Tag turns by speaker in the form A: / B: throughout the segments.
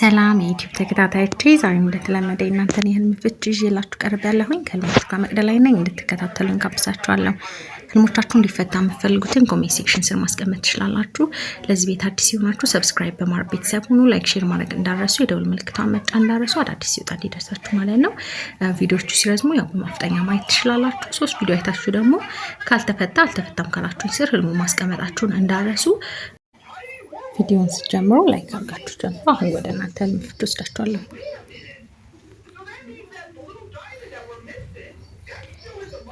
A: ሰላም የዩቲዩብ ተከታታዮች፣ ዛሬም እንደተለመደ የእናንተን የህልም ፍች ይዤላችሁ ቀርብ ያለሁኝ ከህልሞች ጋር መቅደላይ ነኝ። እንድትከታተሉ ጋብዛችኋለሁ። ህልሞቻችሁ እንዲፈታ የምትፈልጉትን ኮሜንት ሴክሽን ስር ማስቀመጥ ትችላላችሁ። ለዚህ ቤት አዲስ ሲሆናችሁ ሰብስክራይብ በማድረግ ቤተሰብ ሁኑ። ላይክ፣ ሼር ማድረግ እንዳረሱ፣ የደውል ምልክቷን መጫ እንዳረሱ፣ አዳዲስ ሲወጣ እንዲደርሳችሁ ማለት ነው። ቪዲዮዎቹ ሲረዝሙ ያው በማፍጠኛ ማየት ትችላላችሁ። ሶስት ቪዲዮ አይታችሁ ደግሞ ካልተፈታ አልተፈታም ካላችሁኝ ስር ህልሙ ማስቀመጣችሁን እንዳረሱ። ቪዲዮን ስጀምሮ ላይክ አድርጋችሁ ጀምሮ አሁን ወደ እናንተ ልምፍድ ወስዳችኋለሁ።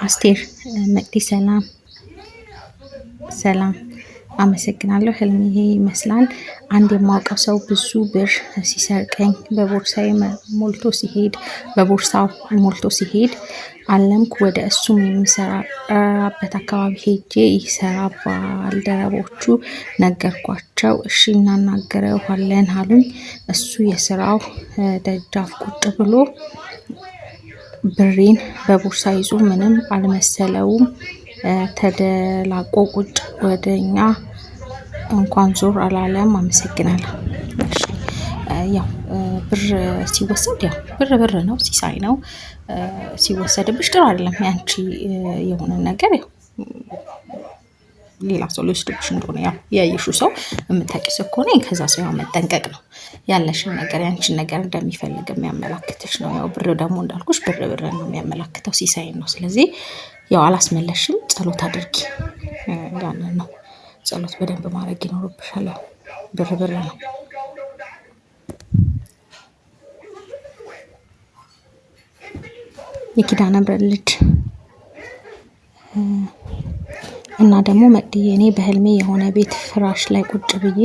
A: አስቴር መቅዲ ሰላም ሰላም አመሰግናለሁ። ህልም ይሄ ይመስላል። አንድ የማውቀው ሰው ብዙ ብር ሲሰርቀኝ በቦርሳዬ ሞልቶ ሲሄድ በቦርሳው ሞልቶ ሲሄድ አለምኩ። ወደ እሱም የሚሰራበት አካባቢ ሄጄ ይሰራ ባልደረቦቹ ነገርኳቸው። እሺ እናናገረዋለን አሉኝ። እሱ የስራው ደጃፍ ቁጭ ብሎ ብሬን በቦርሳ ይዞ ምንም አልመሰለውም። ተደላቆ ቁጭ ወደኛ እንኳን ዞር አላለም። አመሰግናለሁ። ያው ብር ሲወሰድ ያው ብር ብር ነው፣ ሲሳይ ነው። ሲወሰድብሽ ጥሩ አይደለም። ያንቺ የሆነ ነገር ያው ሌላ ሰው ሊወስድብሽ እንደሆነ ያው ያየሽው ሰው የምታውቂው ሰው ከሆነ ከዛ ሰው ያው መጠንቀቅ ነው። ያለሽን ነገር ያንቺን ነገር እንደሚፈልግ የሚያመላክትሽ ነው። ያው ብር ደግሞ እንዳልኩሽ ብር ብር ነው የሚያመላክተው፣ ሲሳይን ነው። ስለዚህ ያው አላስመለሽም፣ ጸሎት አድርጊ። ያንን ነው ጸሎት በደንብ ማድረግ ይኖርብሻል። ብር ብር ነው። የኪዳነ ምሕረት ልጅ እና ደግሞ መቅድዬ እኔ በህልሜ የሆነ ቤት ፍራሽ ላይ ቁጭ ብዬ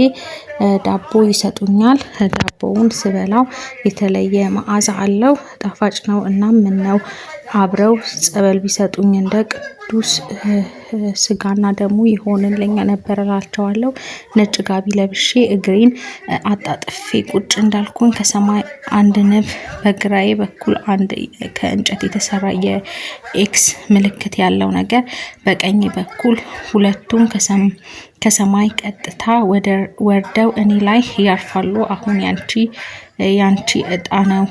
A: ዳቦ ይሰጡኛል። ዳቦውን ስበላው የተለየ መዓዛ አለው፣ ጣፋጭ ነው። እና ነው አብረው ጸበል ቢሰጡኝ እንደ ቅዱስ ስጋና ደግሞ ይሆንልኝ ነበር እላቸዋለሁ። ነጭ ጋቢ ለብሼ እግሬን አጣጥፌ ቁጭ እንዳልኩኝ ከሰማይ አንድ ንብ በግራዬ በኩል አንድ ከእንጨት የተሰራ የኤክስ ምልክት ያለው ነገር በቀኝ በኩል ሁለቱም ከሰማይ ቀጥታ ወርደው እኔ ላይ ያርፋሉ። አሁን ያንቺ ያንቺ እጣ ነው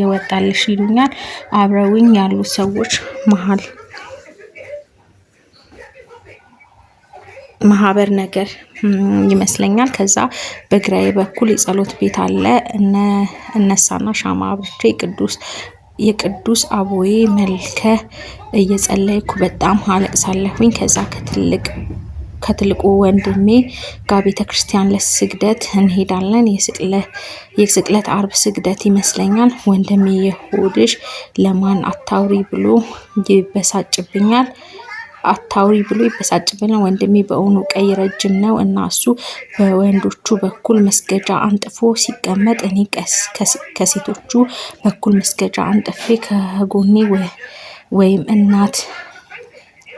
A: የወጣልሽ ይሉኛል። አብረውኝ ያሉ ሰዎች መሀል ማህበር ነገር ይመስለኛል። ከዛ በግራዬ በኩል የጸሎት ቤት አለ። እነሳና ሻማ ብቻ የቅዱስ የቅዱስ አቦዬ መልከ እየጸለይኩ በጣም አለቅሳለሁኝ። ከዛ ከትልቅ ከትልቁ ወንድሜ ጋር ቤተ ክርስቲያን ለስግደት እንሄዳለን። የስቅለት አርብ ስግደት ይመስለኛል። ወንድሜ የሆድሽ ለማን አታውሪ ብሎ ይበሳጭብኛል። አታውሪ ብሎ ይበሳጭብን። ወንድሜ በእውኑ ቀይ ረጅም ነው እና እሱ በወንዶቹ በኩል መስገጃ አንጥፎ ሲቀመጥ እኔ ከሴቶቹ በኩል መስገጃ አንጥፌ ከጎኔ ወይም እናት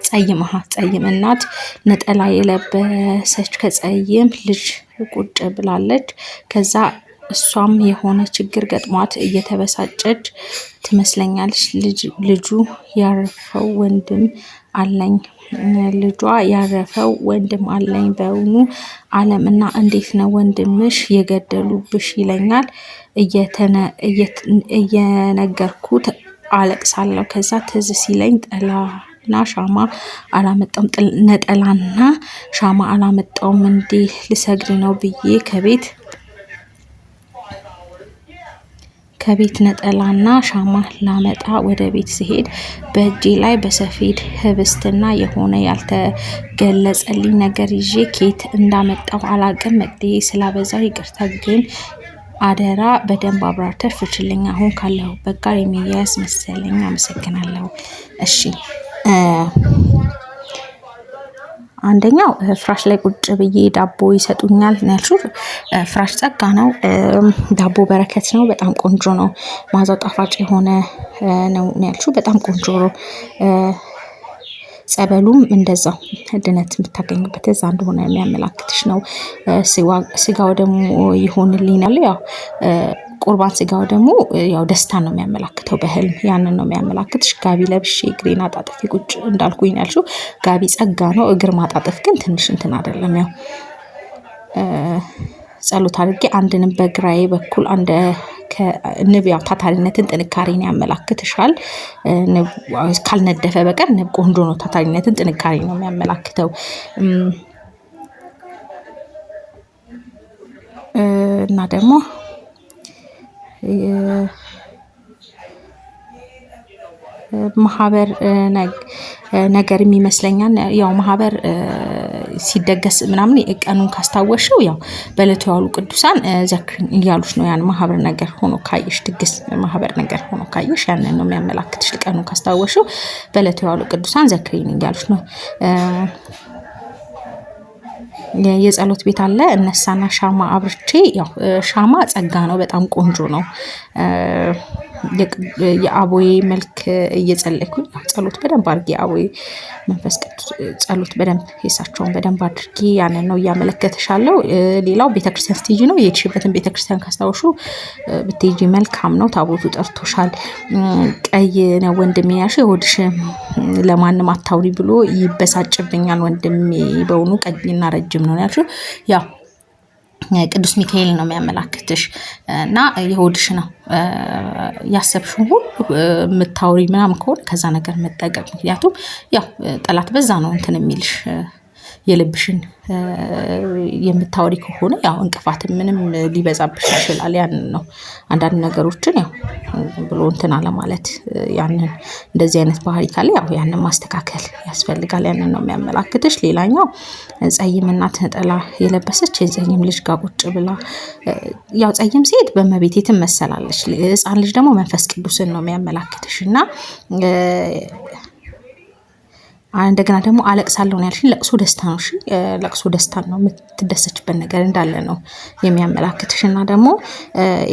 A: ጸይም ጸይም እናት ነጠላ የለበሰች ከጸይም ልጅ ቁጭ ብላለች። ከዛ እሷም የሆነ ችግር ገጥሟት እየተበሳጨች ትመስለኛለች። ልጁ ያረፈው ወንድም አለኝ ልጇ ያረፈው ወንድም አለኝ በውኑ አለም እና እንዴት ነው ወንድምሽ የገደሉብሽ ይለኛል። እየነገርኩት አለቅሳለሁ። ከዛ ትዝ ሲለኝ ጠላና ሻማ አላመጣውም ነጠላና ሻማ አላመጣውም እንዴ ልሰግድ ነው ብዬ ከቤት ከቤት ነጠላና ሻማ ላመጣ ወደ ቤት ስሄድ በእጄ ላይ በሰፌድ ህብስትና የሆነ ያልተገለጸልኝ ነገር ይዤ ኬት እንዳመጣው አላቅም። መቅድዬ ስላበዛው ይቅርታ፣ ግን አደራ በደንብ አብራርተሽ ፍችልኝ። አሁን ካለሁበት ጋር የሚያያዝ መሰለኝ። አመሰግናለሁ። እሺ አንደኛው ፍራሽ ላይ ቁጭ ብዬ ዳቦ ይሰጡኛል ያልሹት ፍራሽ ጸጋ ነው። ዳቦ በረከት ነው። በጣም ቆንጆ ነው። ማዛው ጣፋጭ የሆነ ነው ያልሹ በጣም ቆንጆ ነው። ጸበሉም እንደዛው ድነት የምታገኝበት እዛ እንደሆነ የሚያመላክትሽ ነው። ስጋው ደግሞ ይሆንልኝ ያው ቁርባን ስጋው ደግሞ ያው ደስታን ነው የሚያመላክተው። በህልም ያንን ነው የሚያመላክትሽ። ጋቢ ለብሼ እግሬን አጣጥፌ ቁጭ እንዳልኩኝ ያልሽው ጋቢ ጸጋ ነው። እግር ማጣጠፍ ግን ትንሽ እንትን አይደለም። ያው ጸሎት አድርጌ አንድንም በግራዬ በኩል አንድ ንብ ያው ታታሪነትን ጥንካሬን ያመላክትሻል። ካልነደፈ በቀር ንብ ቆንጆ ነው። ታታሪነትን ጥንካሬ ነው የሚያመላክተው። እና ደግሞ ማህበር ነገር የሚመስለኛል። ያው ማህበር ሲደገስ ምናምን ቀኑን ካስታወሽው ያው በዕለቱ ያሉ ቅዱሳን ዘክሪን እያሉሽ ነው። ያን ማህበር ነገር ሆኖ ካየሽ ድግስ ማህበር ነገር ሆኖ ካየሽ ያንን ነው የሚያመላክትሽ። ቀኑን ካስታወሽው በዕለቱ ያሉ ቅዱሳን ዘክሪን እያሉሽ ነው። የጸሎት ቤት አለ። እነሳና ሻማ አብርቼ ያው ሻማ ጸጋ ነው፣ በጣም ቆንጆ ነው። የአቦዬ መልክ እየጸለይኩኝ ጸሎት በደንብ አድርጌ አቦዬ መንፈስ ቅዱስ ጸሎት በደንብ ሂሳቸውን በደንብ አድርጌ ያንን ነው እያመለከተሻለው። ሌላው ቤተክርስቲያን ስትሄጂ ነው የሄድሽበትን ቤተክርስቲያን ካስታወሹ ብትሄጂ መልካም ነው። ታቦቱ ጠርቶሻል። ቀይ ነው ወንድሜ ያልሽ የሆድሽ ለማንም አታውሪ ብሎ ይበሳጭብኛል ወንድሜ በውኑ ቀይና ረጅም ነው ያልሽ ያው ቅዱስ ሚካኤል ነው የሚያመላክትሽ እና የሆድሽ ነው ያሰብሽን ሁሉ የምታወሪ ምናምን ከሆነ ከዛ ነገር መጠቀም። ምክንያቱም ያው ጠላት በዛ ነው እንትን የሚልሽ የልብሽን የምታወሪ ከሆነ ያው እንቅፋት ምንም ሊበዛብሽ ይችላል። ያንን ነው አንዳንድ ነገሮችን ያው ብሎ እንትን አለማለት ያንን እንደዚህ አይነት ባህሪ ካለ ያው ያንን ማስተካከል ያስፈልጋል። ያንን ነው የሚያመላክትሽ። ሌላኛው ጸይምና ነጠላ የለበሰች የጸይም ልጅ ጋር ቁጭ ብላ ያው ጸይም ሴት በእመቤቴ ትመሰላለች። ህፃን ልጅ ደግሞ መንፈስ ቅዱስን ነው የሚያመላክትሽ እና እንደገና ደግሞ አለቅሳለሁ ነው ያልሽኝ። ለቅሶ ደስታ ነው። እሺ ለቅሶ ደስታ ነው የምትደሰችበት ነገር እንዳለ ነው የሚያመላክትሽ። እና ደግሞ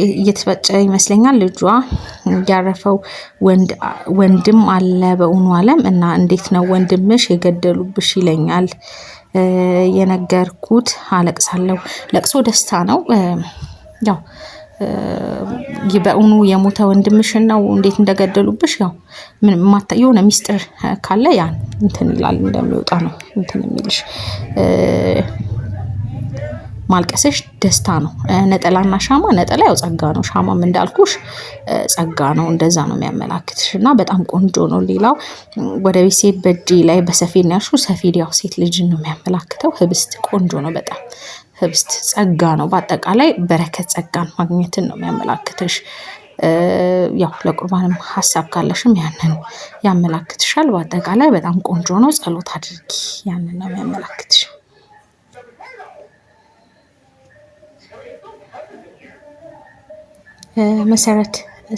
A: እየተፈጨ ይመስለኛል ልጇ ያረፈው ወንድም አለ በእውኑ አለም እና እንዴት ነው ወንድምሽ የገደሉብሽ ይለኛል የነገርኩት። አለቅሳለሁ ለቅሶ ደስታ ነው ያው በእውኑ የሞተ ወንድምሽን ነው እንዴት እንደገደሉብሽ ያው ምንም የሆነ ሚስጥር ካለ ያን እንትን ይላል እንደሚወጣ ነው እንትን የሚልሽ ማልቀሰሽ ደስታ ነው። ነጠላና ሻማ፣ ነጠላ ያው ጸጋ ነው። ሻማም እንዳልኩሽ ጸጋ ነው። እንደዛ ነው የሚያመላክትሽ እና በጣም ቆንጆ ነው። ሌላው ወደ ቤት ሴት በእጅ ላይ በሰፌድ ነው ያልሽው። ሰፌድ ያው ሴት ልጅን ነው የሚያመላክተው። ህብስት ቆንጆ ነው በጣም ህብስት ጸጋ ነው። በአጠቃላይ በረከት ጸጋን ማግኘትን ነው የሚያመላክትሽ። ያው ለቁርባንም ሀሳብ ካለሽም ያንን ያመላክትሻል። በአጠቃላይ በጣም ቆንጆ ነው። ጸሎት አድርጊ። ያንን ነው የሚያመላክትሽ። መሰረት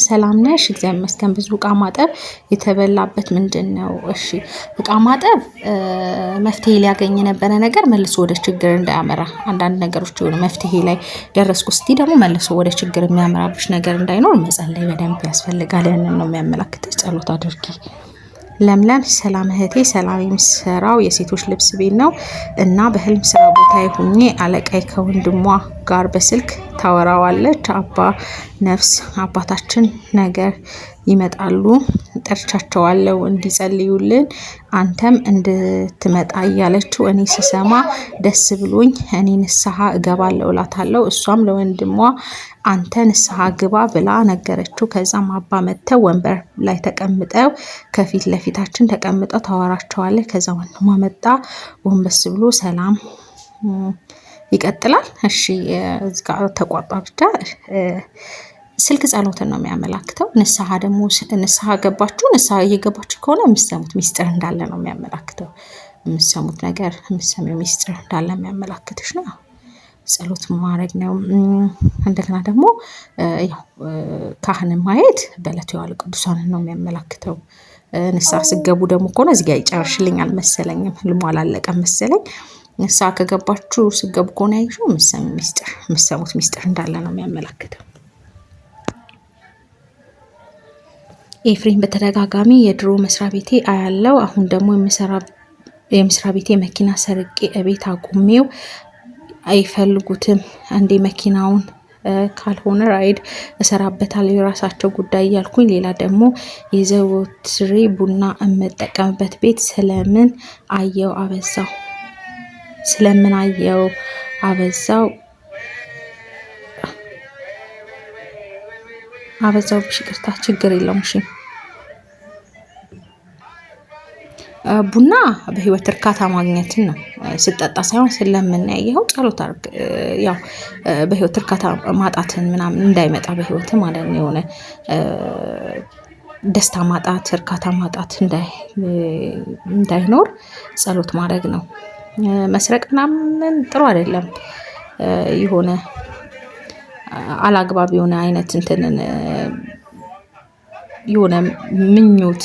A: ሰላም ነሽ? እግዚአብሔር ይመስገን። ብዙ እቃ ማጠብ የተበላበት ምንድን ነው? እሺ እቃ ማጠብ መፍትሄ ሊያገኝ የነበረ ነገር መልሶ ወደ ችግር እንዳያመራ፣ አንዳንድ ነገሮች የሆነ መፍትሄ ላይ ደረስኩ እስቲ ደግሞ መልሶ ወደ ችግር የሚያመራብሽ ነገር እንዳይኖር መጸለይ በደንብ ያስፈልጋል። ያንን ነው የሚያመላክት። ጸሎት አድርጊ። ለምለም ሰላም እህቴ ሰላም የሚሰራው የሴቶች ልብስ ቤት ነው እና በህልም ስራ ቦታ ሁኜ አለቃይ ከወንድሟ ጋር በስልክ ታወራዋለች። አባ ነፍስ አባታችን ነገር ይመጣሉ፣ ጠርቻቸዋለሁ እንዲጸልዩልን አንተም እንድትመጣ እያለችው እኔ ስሰማ ደስ ብሎኝ እኔ ንስሐ እገባለሁ እላታለሁ። እሷም ለወንድሟ አንተ ንስሐ ግባ ብላ ነገረችው። ከዛም አባ መጥተው ወንበር ላይ ተቀምጠው ከፊት ለፊታችን ተቀምጠው ታወራቸዋለች። ከዛ ወንድሟ መጣ ጎንበስ ብሎ ሰላም ይቀጥላል። እሺ እዚጋ ተቋርጧ ብቻ ስልክ ጸሎትን ነው የሚያመላክተው። ንስሐ ደግሞ ንስሐ ገባችሁ ንስሐ እየገባችሁ ከሆነ የምሰሙት ሚስጥር እንዳለ ነው የሚያመላክተው። የምሰሙት ነገር የምሰሚው ሚስጥር እንዳለ የሚያመላክትሽ ነው። ጸሎት ማድረግ ነው። እንደገና ደግሞ ያው ካህንን ማየት በዕለቱ የዋሉ ቅዱሳንን ነው የሚያመላክተው። ንስሐ ስገቡ ደግሞ ከሆነ እዚህ ይጨርሽልኝ አልመሰለኝም ህልሙ አላለቀም መሰለኝ። ንስሐ ከገባችሁ ስገቡ ከሆነ ያየሽው የምትሰሙት ሚስጥር እንዳለ ነው የሚያመላክተው። ኤፍሬም በተደጋጋሚ የድሮ መስሪያ ቤቴ አያለው። አሁን ደግሞ የምሰራ የመስሪያ ቤቴ መኪና ሰርቄ እቤት አቁሜው አይፈልጉትም። አንዴ መኪናውን ካልሆነ ራይድ እሰራበታለሁ የራሳቸው ጉዳይ እያልኩኝ፣ ሌላ ደግሞ የዘወትር ቡና የምጠቀምበት ቤት ስለምን አየው አበዛው፣ ስለምን አየው አበዛው አበዛው ብሽቅርታ ችግር የለውም ቡና በህይወት እርካታ ማግኘትን ነው። ስጠጣ ሳይሆን ስለምናየው ጸሎት አርግ ያው በህይወት እርካታ ማጣትን ምናምን እንዳይመጣ በህይወት ማለት ነው። የሆነ ደስታ ማጣት፣ እርካታ ማጣት እንዳይኖር ጸሎት ማድረግ ነው። መስረቅ ምናምን ጥሩ አይደለም። የሆነ አላግባብ የሆነ አይነት እንትንን የሆነ ምኞት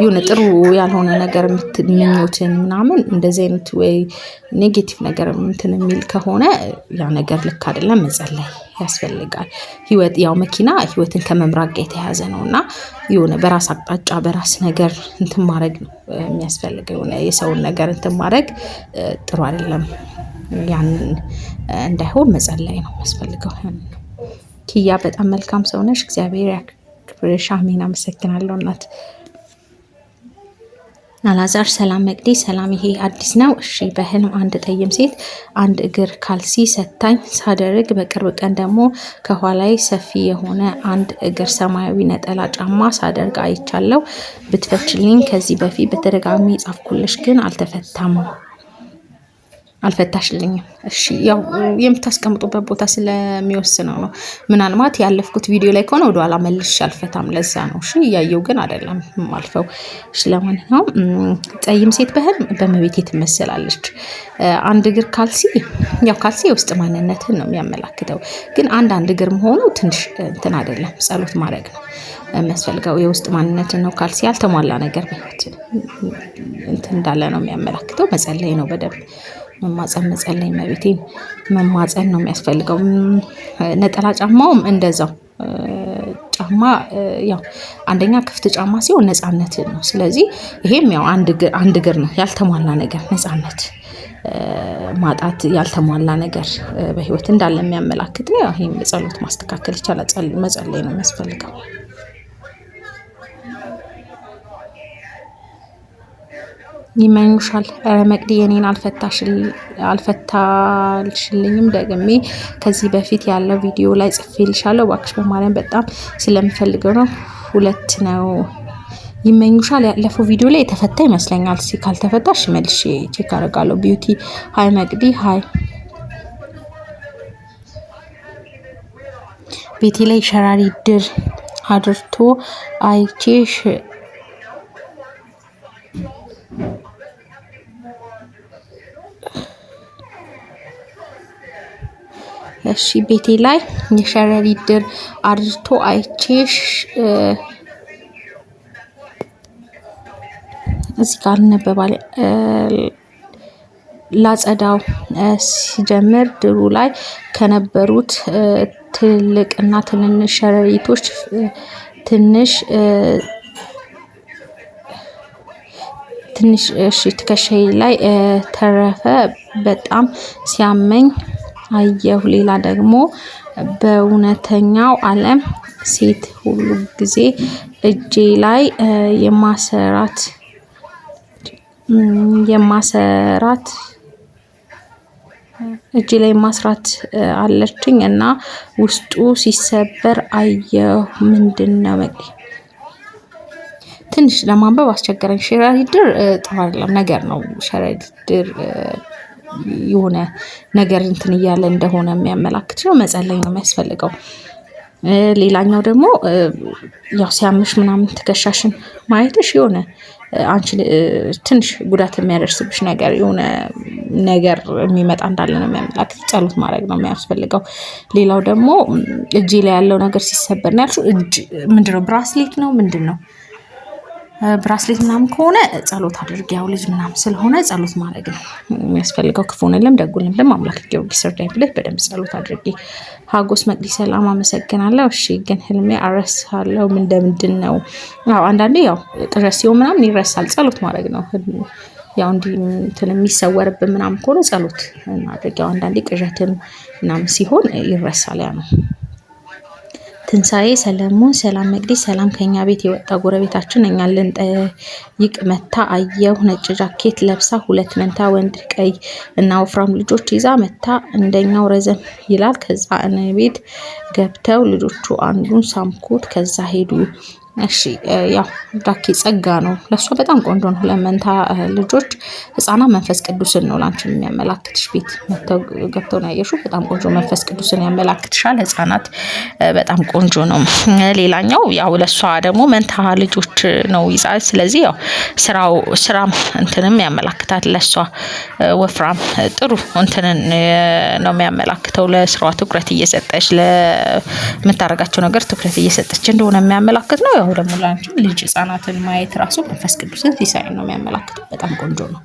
A: የሆነ ጥሩ ያልሆነ ነገር ምኞትን ምናምን እንደዚህ አይነት ወይ ኔጌቲቭ ነገር እንትን የሚል ከሆነ ያ ነገር ልክ አይደለም። መጸለይ ያስፈልጋል። ህይወት ያው መኪና ህይወትን ከመምራት ጋር የተያያዘ ነው እና የሆነ በራስ አቅጣጫ በራስ ነገር እንትን ማድረግ ነው የሚያስፈልገው። የሆነ የሰውን ነገር እንትን ማድረግ ጥሩ አይደለም። ያንን እንዳይሆን መጸለይ ነው የሚያስፈልገው። ኪያ በጣም መልካም ሰው ነሽ። እግዚአብሔር ያክብርሽ። አሜን። አመሰግናለሁ እናት ናላዛር ሰላም መቅዲ ሰላም፣ ይሄ አዲስ ነው። እሺ በህልም አንድ ጠይም ሴት አንድ እግር ካልሲ ሰታኝ ሳደርግ በቅርብ ቀን ደግሞ ከኋላይ ሰፊ የሆነ አንድ እግር ሰማያዊ ነጠላ ጫማ ሳደርግ አይቻለው። ብትፈችልኝ ከዚህ በፊት በተደጋሚ ጻፍኩልሽ ግን አልተፈታም። አልፈታሽልኝም። እሺ ያው የምታስቀምጡበት ቦታ ስለሚወስነው ነው። ምናልባት ያለፍኩት ቪዲዮ ላይ ከሆነ ወደኋላ መልሽ አልፈታም። ለዛ ነው እሺ። እያየው ግን አይደለም አልፈው። እሺ ለማንኛውም ጠይም ሴት በህልም በመቤቴ ትመስላለች። አንድ እግር ካልሲ፣ ያው ካልሲ የውስጥ ማንነትን ነው የሚያመላክተው። ግን አንድ አንድ እግር መሆኑ ትንሽ እንትን አይደለም። ጸሎት ማድረግ ነው የሚያስፈልገው። የውስጥ ማንነትን ነው ካልሲ ያልተሟላ ነገር እንትን እንዳለ ነው የሚያመላክተው። መጸለይ ነው በደንብ መማፀን መጸለይ መቤቴን መማፀን ነው የሚያስፈልገው። ነጠላ ጫማውም እንደዛው ጫማ ያው አንደኛ ክፍት ጫማ ሲሆን ነፃነትን ነው። ስለዚህ ይሄም ያው አንድ እግር ነው ያልተሟላ ነገር ነፃነት ማጣት ያልተሟላ ነገር በህይወት እንዳለ የሚያመላክት ነው። ይህም ጸሎት ማስተካከል ይቻላል። መጸለይ ነው የሚያስፈልገው። ይመኑሻል ኧረ መቅዲ የኔን አልፈታልሽልኝም። ደግሜ ከዚህ በፊት ያለው ቪዲዮ ላይ ጽፌልሻለሁ። እባክሽ በማርያም በጣም ስለምፈልገው ነው። ሁለት ነው ይመኙሻል። ያለፈው ቪዲዮ ላይ የተፈታ ይመስለኛል። ሲ ካልተፈታሽ መልሼ ቼክ አደርጋለሁ። ቢዩቲ ሀይ መቅዲ ሀይ ቤቴ ላይ ሸራሪ ድር አድርቶ አይቼሽ እሺ ቤቴ ላይ የሸረሪ ድር አድርቶ አይቼሽ እዚህ ጋር አልነበባል ላጸዳው ሲጀምር ድሩ ላይ ከነበሩት ትልቅ እና ትንንሽ ሸረሪቶች ትንሽ ትንሽ እሺ ትከሻዬ ላይ ተረፈ። በጣም ሲያመኝ አየሁ። ሌላ ደግሞ በእውነተኛው ዓለም ሴት ሁሉ ጊዜ እጄ ላይ የማሰራት የማሰራት እጅ ላይ ማስራት አለችኝ እና ውስጡ ሲሰበር አየሁ። ምንድን ነው ትንሽ ለማንበብ አስቸገረኝ። ሸረሪድር ጥሩ አይደለም ነገር ነው። ሸረሪድር የሆነ ነገር እንትን እያለ እንደሆነ የሚያመላክት ነው። መጸለይ ነው የሚያስፈልገው። ሌላኛው ደግሞ ያው ሲያምሽ ምናምን ትከሻሽን ማየትሽ የሆነ አንቺ ትንሽ ጉዳት የሚያደርስብሽ ነገር የሆነ ነገር የሚመጣ እንዳለ ነው የሚያመላክት። ጸሎት ማድረግ ነው የሚያስፈልገው። ሌላው ደግሞ እጅ ላይ ያለው ነገር ሲሰበር ነው ያልሽው። እጅ ምንድነው? ብራስሌት ነው ምንድን ነው? ብራስሌት ምናምን ከሆነ ጸሎት አድርግ። ያው ልጅ ምናምን ስለሆነ ጸሎት ማድረግ ነው የሚያስፈልገው። ክፉንልም ደጉንልም አምላክ ጊዮርጊስ እርዳኝ ብለህ በደንብ ጸሎት አድርጊ። ሀጎስ መቅዲ ሰላም አመሰግናለሁ። እሺ ግን ህልሜ አረሳለሁ እንደምንድን ነው? አንዳንዴ ያው ጥረት ሲሆን ምናምን ይረሳል። ጸሎት ማድረግ ነው ያው እንዲህ እንትን የሚሰወርብን ምናምን ከሆነ ጸሎት ማድረግ ያው አንዳንዴ ቅዠትም ምናምን ሲሆን ይረሳል። ያ ነው ትንሣኤ ሰለሞን ሰላም መቅዲ ሰላም ከኛ ቤት የወጣ ጎረቤታችን እኛን ልንጠይቅ መታ አየሁ። ነጭ ጃኬት ለብሳ ሁለት መንታ ወንድ ቀይ እና ወፍራም ልጆች ይዛ መታ። እንደኛው ረዘም ይላል። ከዛ እኔ ቤት ገብተው ልጆቹ አንዱን ሳምኩት። ከዛ ሄዱ። እሺ ያው ዳኪ ጸጋ ነው ለእሷ በጣም ቆንጆ ነው። ለመንታ ልጆች ህፃና መንፈስ ቅዱስን ነው ላንቺ የሚያመላክትሽ። ቤት ገብተው ነው ያየሽው። በጣም ቆንጆ መንፈስ ቅዱስን ያመላክትሻል። ህፃናት በጣም ቆንጆ ነው። ሌላኛው ያው ለእሷ ደግሞ መንታ ልጆች ነው ይዛ። ስለዚህ ያው ስራው ስራም እንትንም ያመላክታል። ለእሷ ወፍራም ጥሩ እንትንን ነው የሚያመላክተው። ለስራዋ ትኩረት እየሰጠች ለምታደርጋቸው ነገር ትኩረት እየሰጠች እንደሆነ የሚያመላክት ነው። አሁን ደግሞ ላንቺ ልጅ ህጻናትን ማየት ራሱ መንፈስ ቅዱስን ሲሳይ ነው የሚያመላክተው። በጣም ቆንጆ ነው።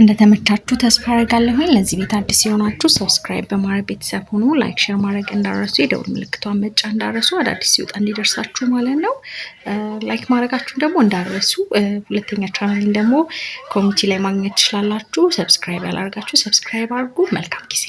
A: እንደተመቻችሁ ተስፋ አደርጋለሁ። ለዚህ ቤት አዲስ የሆናችሁ ሰብስክራይብ በማድረግ ቤተሰብ ሆኖ ላይክ፣ ሼር ማድረግ እንዳረሱ፣ የደውል ምልክቷን መጫ እንዳረሱ፣ አዳዲስ ሲወጣ እንዲደርሳችሁ ማለት ነው። ላይክ ማድረጋችሁን ደግሞ እንዳረሱ። ሁለተኛ ቻናልን ደግሞ ኮሚቲ ላይ ማግኘት ትችላላችሁ። ሰብስክራይብ ያላርጋችሁ ሰብስክራይብ አድርጉ። መልካም ጊዜ